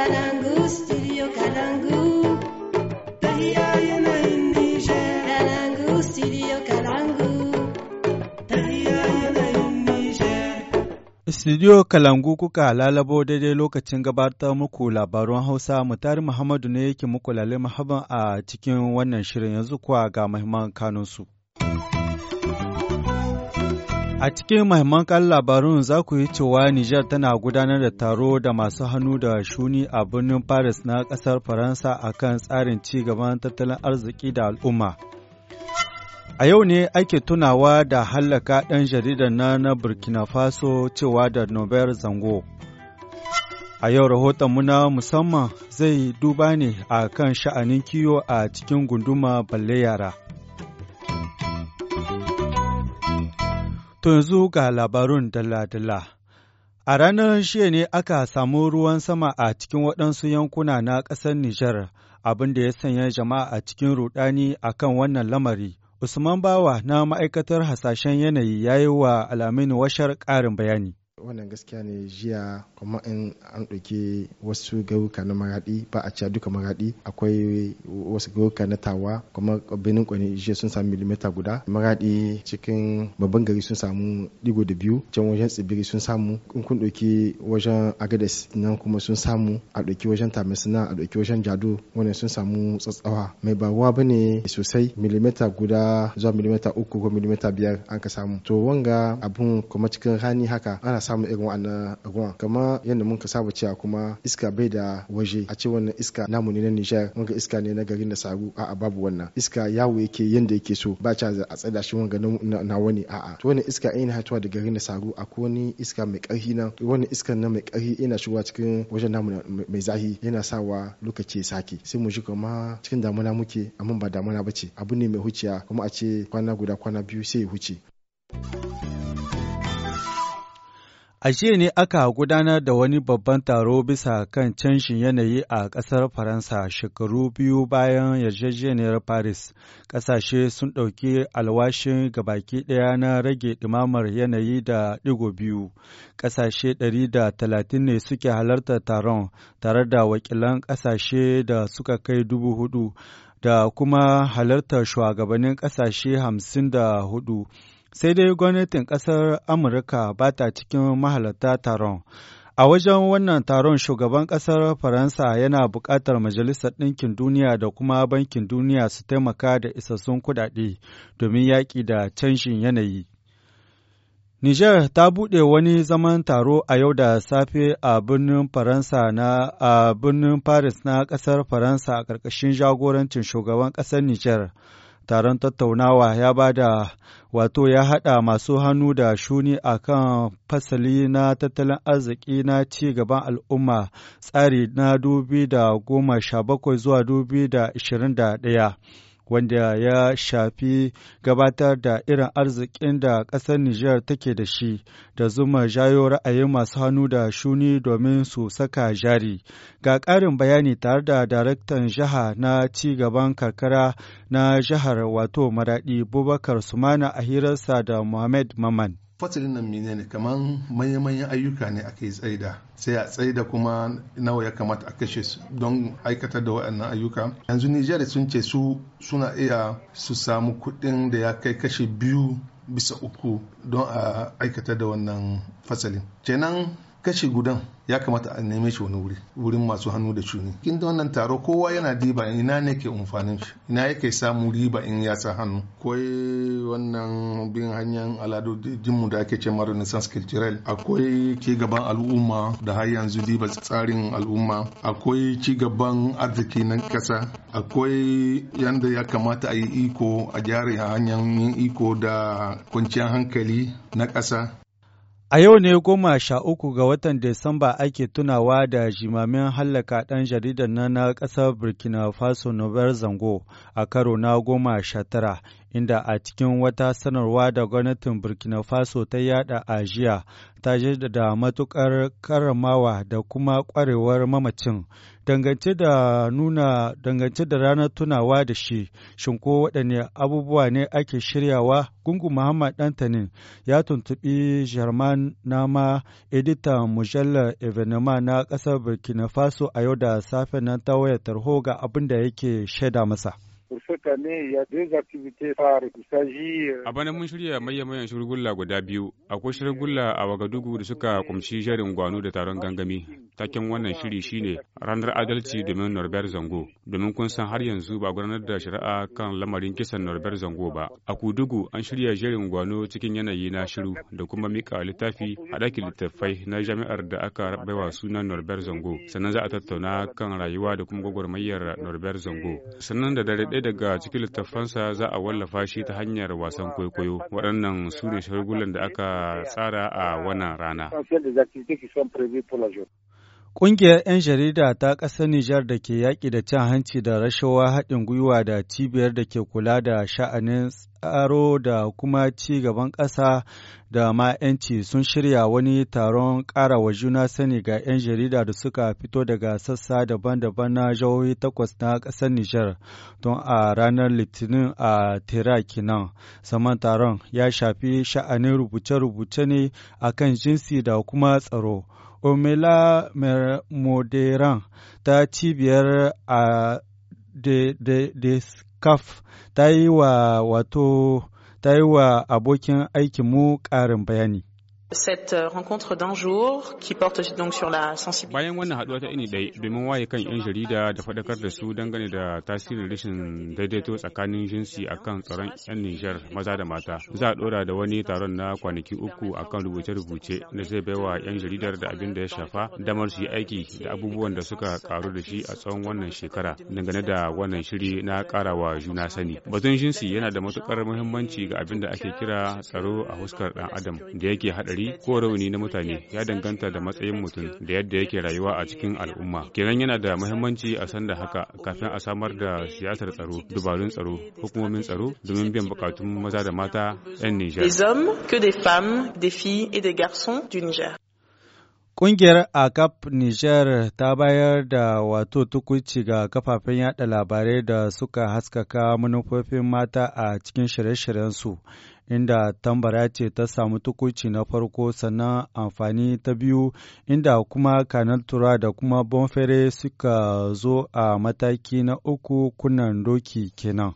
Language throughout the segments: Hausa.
Kalangu, studio Kalangu. kuka lalabo daidai lokacin gabatar muku labarun Hausa mutari Muhammadu ne yake muku lalle a cikin wannan shirin yanzu kuwa ga mahimman kanunsu. su. A cikin mahimman kan labarun za ku yi cewa Nijar tana gudanar da taro da masu hannu da shuni a birnin Paris na ƙasar Faransa a kan tsarin ci gaban tattalin arziki da al'umma. A yau ne ake tunawa da hallaka ɗan jaridar na na Burkina Faso cewa da Nobel Zango. A yau rahoton na musamman zai duba ne a kan sha'anin kiwo a cikin gunduma balle yara. To yanzu ga labarun dalla-dalla. A ranar shiya ne aka samu ruwan sama a cikin waɗansu yankuna na ƙasar Nijar, abin da ya sanya jama'a a cikin rudani a kan wannan lamari. Usman Bawa na ma'aikatar hasashen yanayi ya yi wa alamin washar ƙarin bayani. wannan gaskiya ne jiya kuma in an ɗauki wasu gauka na maraɗi ba a ciya duka maraɗi akwai wasu gauka na tawa kuma benin kwani jiya sun samu milimita guda maraɗi cikin babban gari sun samu digo da biyu can wajen tsibiri sun samu in kun ɗauki wajen agades nan kuma sun samu a ɗauki wajen tamisina a ɗauki wajen jado wannan sun samu tsatsawa mai ba ruwa ne sosai milimita guda zuwa milimita uku ko milimita biyar an ka samu to wanga abun kuma cikin rani haka ana samu irin wannan ruwan kamar yadda mun ka saba cewa kuma iska bai da waje a ce wannan iska namu ne na Nijar wanga iska ne na garin da saru a'a babu wannan iska yawo yake yanda yake so ba ca a tsada shi wanga na wani a'a to wannan iska ina hatuwa da garin da saru ko wani iska mai karfi na wannan iskan na mai karfi ina shigowa cikin wajen namu mai zahi yana sawa lokaci sake sai mu shi kuma cikin damuna muke amma ba damuna bace abu ne mai huciya kuma a ce kwana guda kwana biyu sai ya huce A jiya ne aka gudanar da wani babban taro bisa kan canjin yanayi a ƙasar Faransa shekaru biyu bayan yarjejeniyar Paris. Ƙasashe sun ɗauki alwashin gabaki ɗaya na rage ɗimamar yanayi da ɗigo biyu. Ƙasashe ɗari da talatin ne suke halartar taron tare da wakilan ƙasashe da suka kai dubu hudu. da kuma halartar shugabannin ƙasashe hamsin da hudu sai dai gwamnatin ƙasar Amurka ba ta cikin mahalarta taron. A wajen wannan taron shugaban ƙasar Faransa yana buƙatar Majalisar Ɗinkin Duniya da kuma Bankin Duniya su taimaka da isassun kuɗaɗe domin yaƙi da canjin yanayi. Nijar ta buɗe wani zaman taro a yau da safe a birnin Faransa na a birnin Paris na ƙasar Faransa a ƙarƙashin jagorancin shugaban ƙasar Nijar. taron tattaunawa ya ba da wato ya haɗa masu hannu da shuni a kan fasali na tattalin arziki na ci gaban al'umma tsari na dubi da goma sha bakwai zuwa dubi da ashirin da ɗaya. wanda ya shafi gabatar da irin arzikin da ƙasar Nijar take da shi da zuma jayo ra'ayin masu hannu da shuni domin su saka jari. Ga ƙarin bayani tare da daraktan jiha na ci gaban karkara na jihar wato Maraɗi Bubakar Sumana a hirarsa da Muhammad Maman. Fasalin nan mine ne kamar manya-manyan ayyuka ne ake tsaida sai a tsaida kuma nawa ya kamata a kashe su don aikatar da waɗannan ayyuka yanzu nijar sun ce su suna iya su samu kuɗin da ya kai kashe biyu bisa uku don a aikata da wannan fasalin kenan kashi gudan ya kamata a neme shi wani wuri wurin masu hannu da cuni kin da wannan taro kowa yana diba ina ne ke umfanin shi ina yake samu riba in ya sa hannu akwai wannan bin hanyar aladu jinmu da ake ce mara nisan culturel akwai ci gaban al'umma da har yanzu diba tsarin al'umma akwai ci gaban arziki na kasa akwai yanda ya kamata a yi iko a gyara hanyar yin iko da kwanciyar hankali na kasa A yau ne goma sha uku ga watan Disamba ake tunawa da jimamin hallaka ɗan jaridar na na ƙasar Burkina Faso Nobel Zango a karo na goma sha tara inda a cikin wata sanarwa da gwamnatin Burkina Faso ta yada a jiya ta jaddada matukar karamawa da kuma ƙwarewar mamacin dangance da nuna dangance da ranar tunawa da shi shin ko waɗanne abubuwa ne ake shiryawa gungu muhammad dantanin ya tuntubi german nama editan mujallar evenema na ƙasar burkina faso a yau da safe nan ta wayar tarho ga abin da yake shaida masa A bana mun shirya s'agit. Avant guda biyu, akwai y a Wagadugu da suka kumshi jarin gwano da taron gangami. Taken wannan shiri shine ranar adalci domin Norbert Zango, domin kun san har yanzu ba gudanar da shari'a kan lamarin kisan Norbert Zango ba. A Kudugu an shirya jerin gwano cikin yanayi na shiru da kuma mika littafi a ɗakin littattafai na jami'ar da aka baiwa suna Norbert Zango. Sannan za a tattauna kan rayuwa da kuma gwagwarmayar Norbert Zango. Sannan da dare ɗaya daga cikin littafansa za a wallafa shi ta hanyar wasan kwaikwayo waɗannan su ne shagulgulan da aka tsara a wannan rana Ƙungiyar 'yan jarida ta ƙasar Nijar da ke yaƙi da cin hanci da rashawa haɗin gwiwa da cibiyar da ke kula da sha'anin tsaro da kuma ci gaban ƙasa da ma 'yanci sun shirya wani taron ƙara wa juna sani ga 'yan jarida da suka fito daga sassa daban-daban na jihohi takwas na ƙasar Nijar don a ranar Litinin a Tera kinan. Saman taron ya shafi sha'anin rubuce-rubuce ne akan jinsi da kuma tsaro. Omela Moderan ta cibiyar a DESCAF ta yi wa ta yi wa abokin aikinmu ƙarin bayani. Euh, Bayan wannan haɗuwa ta ini ɗai domin waye kan 'yan jarida da faɗakar da su dangane da tasirin rashin daidaito tsakanin jinsi a kan tsaron 'yan Nijar maza da mata. Za a ɗora da wani taron na kwanaki uku a kan rubuce-rubuce da zai bai wa 'yan jaridar da abin da ya shafa damar su yi aiki da abubuwan da suka karu da shi a tsawon wannan shekara dangane da wannan shiri na karawa juna sani. Batun jinsi yana da matukar muhimmanci ga abin da ake kira tsaro a huskar ɗan adam da yake haɗari gari ko rauni na mutane ya danganta da matsayin mutum da yadda yake rayuwa a cikin al'umma kenan yana da muhimmanci a san da haka kafin a samar da siyasar tsaro dubarun tsaro hukumomin tsaro domin biyan bukatun maza da mata 'yan Nijar. Ƙungiyar ACAP Niger ta bayar da wato tukuci ga kafafen yada labarai da suka haskaka manufofin mata a cikin shirye-shiryensu inda tambara ce ta samu tukuci na farko sannan amfani ta biyu inda kuma tura da kuma bonfere suka zo a mataki na uku kunan doki kenan.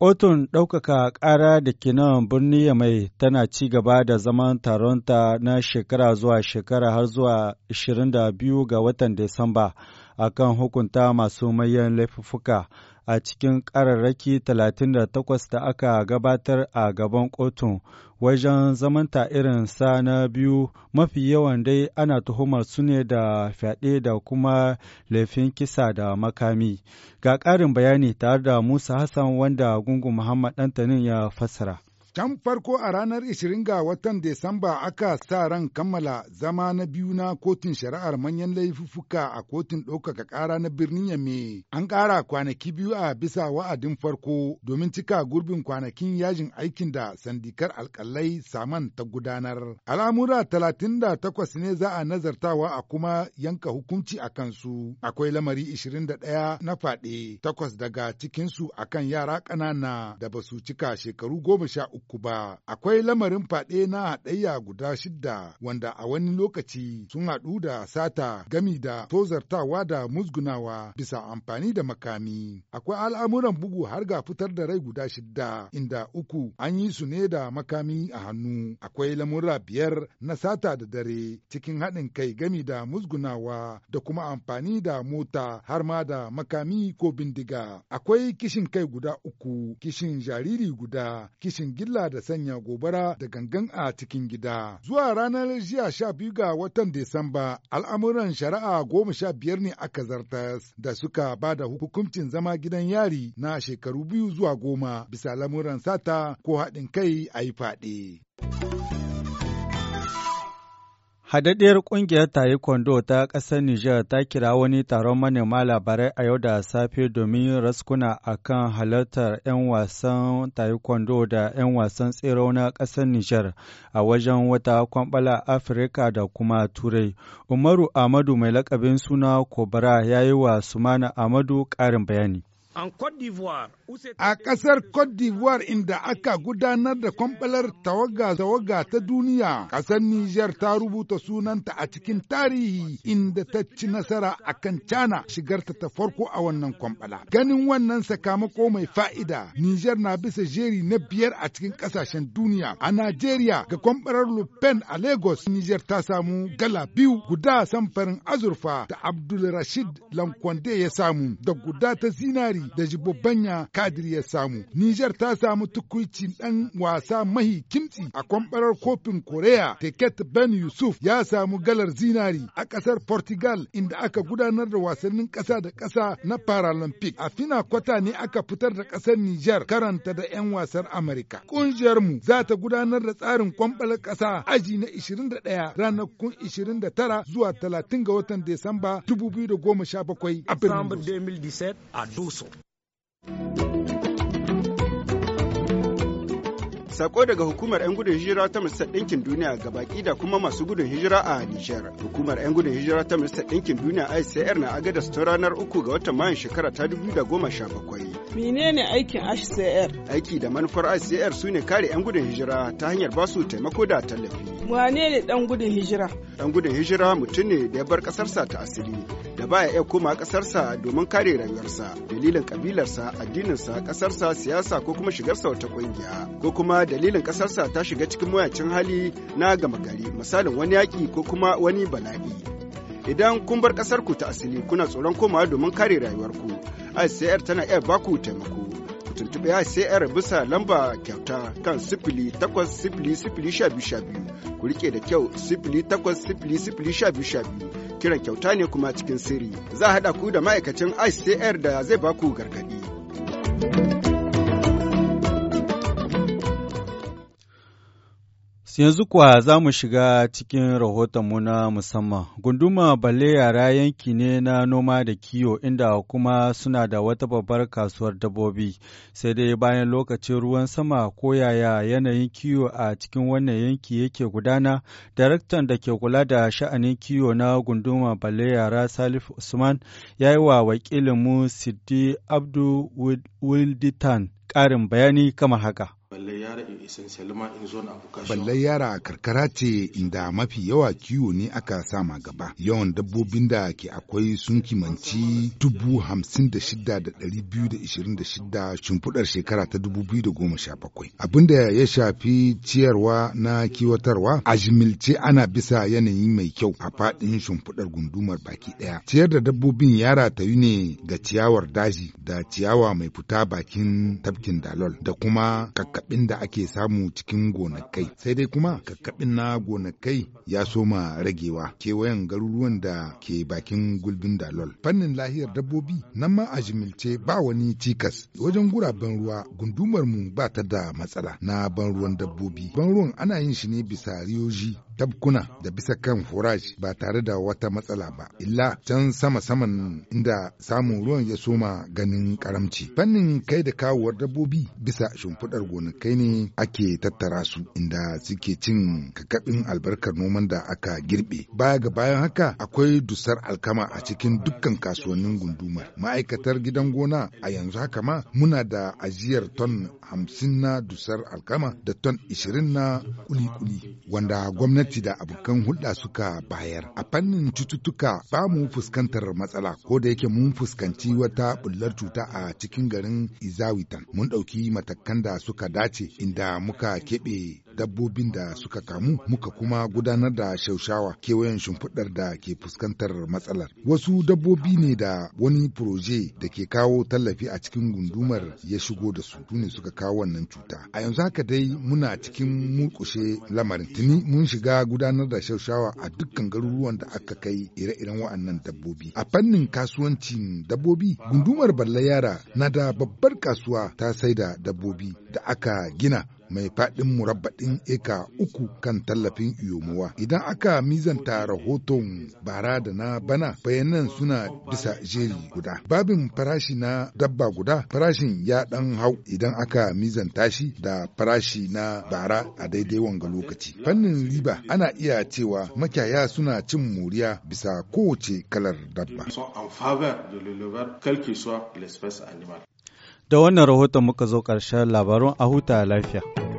Kotun ɗaukaka ƙara da kenan nan birni mai tana ci gaba da zaman taronta na shekara zuwa shekara har zuwa 22 ga watan Disamba akan hukunta masu mayan laifuffuka. a cikin ƙararraki 38 da aka gabatar a gaban kotun wajen zamanta irin sa na biyu mafi yawan dai ana tuhumar su ne da fyaɗe da kuma laifin kisa da makami ga ƙarin bayani tare da musa hassan wanda gungun muhammad ɗantanin ya fassara Can farko a ranar 20 ga watan Desamba aka sa ran kammala zama na biyu na kotun shari'ar manyan laifuffuka a kotun ɗaukaka ƙara na birnin Yame. An ƙara kwanaki biyu a bisa wa'adin farko domin cika gurbin kwanakin yajin aikin da sandikar alƙalai saman ta gudanar. Al'amura 38 ne za a nazartawa a kuma yanka hukunci a kansu. Akwai lamari 21 na faɗe takwas daga cikinsu akan yara ƙanana da ba su cika shekaru goma sha uku. uku ba. Akwai lamarin faɗe na haɗayya guda shidda wanda a wani lokaci sun haɗu da sata gami da tozartawa da musgunawa bisa amfani da makami. Akwai al'amuran bugu har ga fitar da rai guda shidda inda uku an yi su ne da makami a hannu. Akwai lamura biyar na sata da dare cikin haɗin kai gami da musgunawa da kuma amfani da mota har ma da makami ko bindiga. Akwai kishin kai guda uku, kishin jariri guda, kishin gilla illa da sanya gobara da gangan a cikin gida. Zuwa ranar jiya sha biyu ga watan Disamba al'amuran shari'a goma sha biyar ne aka zartas da suka ba da hukuncin zama gidan yari na shekaru biyu zuwa goma bisa lamuran sata ko haɗin kai a yi faɗi. Hadaddiyar ƙungiyar kwando ta ƙasar Nijar ta kira wani taron manema labarai a yau da safe domin raskuna a kan halartar 'yan wasan Taekwondo da 'yan wasan tsero na ƙasar Nijar a wajen wata kwamɓala Afirka da kuma Turai. Umaru Amadu mai lakabin suna Kobara ya yi wa Sumana Amadu ƙarin bayani. A ƙasar Cote d'Ivoire inda aka gudanar da kwamfalar tawaga-tawaga ta duniya, ƙasar Nijar ta rubuta sunanta a cikin tarihi inda ta ci nasara a kan cana shigarta ta farko a wannan kwamfala. Ganin wannan sakamako mai fa'ida, Nijar na bisa jeri na biyar a cikin ƙasashen duniya. A Najeriya ga kwamfalar Lupen a Lagos, Nijar ta samu gala biyu guda samfarin azurfa da Abdul Rashid Lankwande ya samu da guda ta zinari da jibbobanya kadiri ya samu. Nijar ta samu tukuicin ɗan wasa mahi kimtsi a kwambarar kofin Korea. Teket Ben Yusuf ya samu galar zinari a ƙasar Portugal inda aka gudanar da wasannin ƙasa da ƙasa na Paralympic. A fina kwata ne aka fitar da ƙasar Nijar karanta da 'yan wasar Amurka. mu za ta gudanar da tsarin kwambalar ƙasa aji na 21 ranakun 29 zuwa 30 ga watan Desamba 2017 a Birnin. Sako daga hukumar 'yan gudun hijira ta Majalisar Ɗinkin Duniya ga baki da kuma masu gudun hijira a Nijar. Hukumar 'yan gudun hijira ta Majalisar Ɗinkin Duniya ICR na agadas ta ranar uku ga watan Mayun shekara ta da goma sha 2017. Menene aikin ICR? Aiki da manufar ICR su ne kare 'yan gudun hijira ta hanyar ba su taimako da tallafi. Wane ne ɗan gudun hijira? Ɗan gudun hijira mutum ne da ya bar ƙasarsa ta asiri. da baya iya koma ƙasarsa domin kare rayuwarsa dalilin ƙabilarsa addininsa ƙasarsa siyasa ko kuma shigarsa wata ƙungiya ko kuma dalilin ƙasarsa ta shiga cikin mayacin hali na gama gari misalin wani yaƙi ko kuma wani bala'i idan kun bar ƙasarku ta asali kuna tsoron komawa domin kare rayuwarku ICR tana iya baku taimako ku tuntuɓe ICR bisa lamba kyauta kan sifili takwas sifili sifili sha biyu sha biyu ku riƙe da kyau sifili takwas sifili sifili sha biyu sha biyu Kiran kyauta ne kuma cikin sirri. Za a haɗa ku da ma'aikacin ICR da zai baku gargaɗi. Yanzu kuwa za mu shiga cikin rahotonmu na musamman. Gunduma balle yara yanki ne na noma da kiwo inda kuma suna da wata babbar kasuwar dabbobi. Sai dai bayan lokacin ruwan sama ko yaya yanayin kiwo a cikin wannan yanki yake gudana, daraktan da ke kula da sha'anin kiwo na Gunduma balle yara Salif Usman ya yi wa wakilinmu Siddi Abdu Wilditan ƙarin bayani kama haka. Ballai yara a karkara ce inda mafi yawa kiwo ne aka sama gaba. Yawan dabbobin da ke akwai sun kimanci dubu hamsin shimfiɗar shekara ta dubu biyu da goma Abin da ya shafi ciyarwa na kiwatarwa a jimilce ana bisa yanayi mai kyau a faɗin shimfiɗar gundumar baki ɗaya. Ciyar da dabbobin yara ta yi ne ga ciyawar daji da ciyawa mai fita bakin tafkin dalol da kuma kakka kakkaɓin da ake samu cikin gonakai sai dai kuma kakkaɓin na gonakai ya soma ragewa kewayen garuruwan da ke bakin gulbin dalol fannin lahiyar dabbobi nan ma a jimilce ba wani cikas wajen guraben ruwa gundumar mu ba ta da matsala na ban ruwan dabbobi ban ruwan ana yin shi ne bisa riyoji tabkuna da bisa kan furaj ba tare da wata matsala ba illa can sama saman inda samun ruwan ya soma ganin karamci fannin kai da kawuwar dabbobi bisa shimfiɗar gonakai ne ake tattara su inda suke cin kakabin albarkar noman da aka girbe baya ga bayan haka akwai dusar alkama a cikin dukkan kasuwannin gundumar ma'aikatar gidan gona a yanzu haka ma muna da ajiyar ton hamsin na dusar alkama da ton ishirin na kuli-kuli wanda gwamnati gwamnati da abokan hulɗa suka bayar. A fannin cututtuka ba mu fuskantar matsala ko da yake mun fuskanci wata bullar cuta a cikin garin Izawitan. Mun ɗauki matakan da suka dace inda muka keɓe dabbobin da suka kamu muka kuma gudanar da shaushawa kewayen shimfiɗar da ke fuskantar matsalar. Wasu dabbobi ne da wani proje da ke kawo tallafi a cikin gundumar ya shigo da su Tuni suka kawo wannan cuta. A yanzu haka dai muna cikin murkushe lamarin. Tuni mun shiga gudanar da shaushawa a dukkan garuruwan da aka kai ire-iren wa'annan dabbobi. A fannin kasuwancin dabbobi, gundumar Balla Yara na da babbar kasuwa ta saida dabbobi da aka gina mai faɗin murabbaɗin eka uku kan tallafin iyomuwa. Idan aka mizanta rahoton bara da na bana bayanan suna bisa jeri guda. Babin farashi na dabba guda farashin ya ɗan hau idan aka mizanta shi da farashi na bara a daidai wanga lokaci. Fannin riba ana iya cewa makyaya suna cin moriya bisa kowace kalar dabba. Da wannan rahoton muka zo ƙarshen labarun a huta lafiya.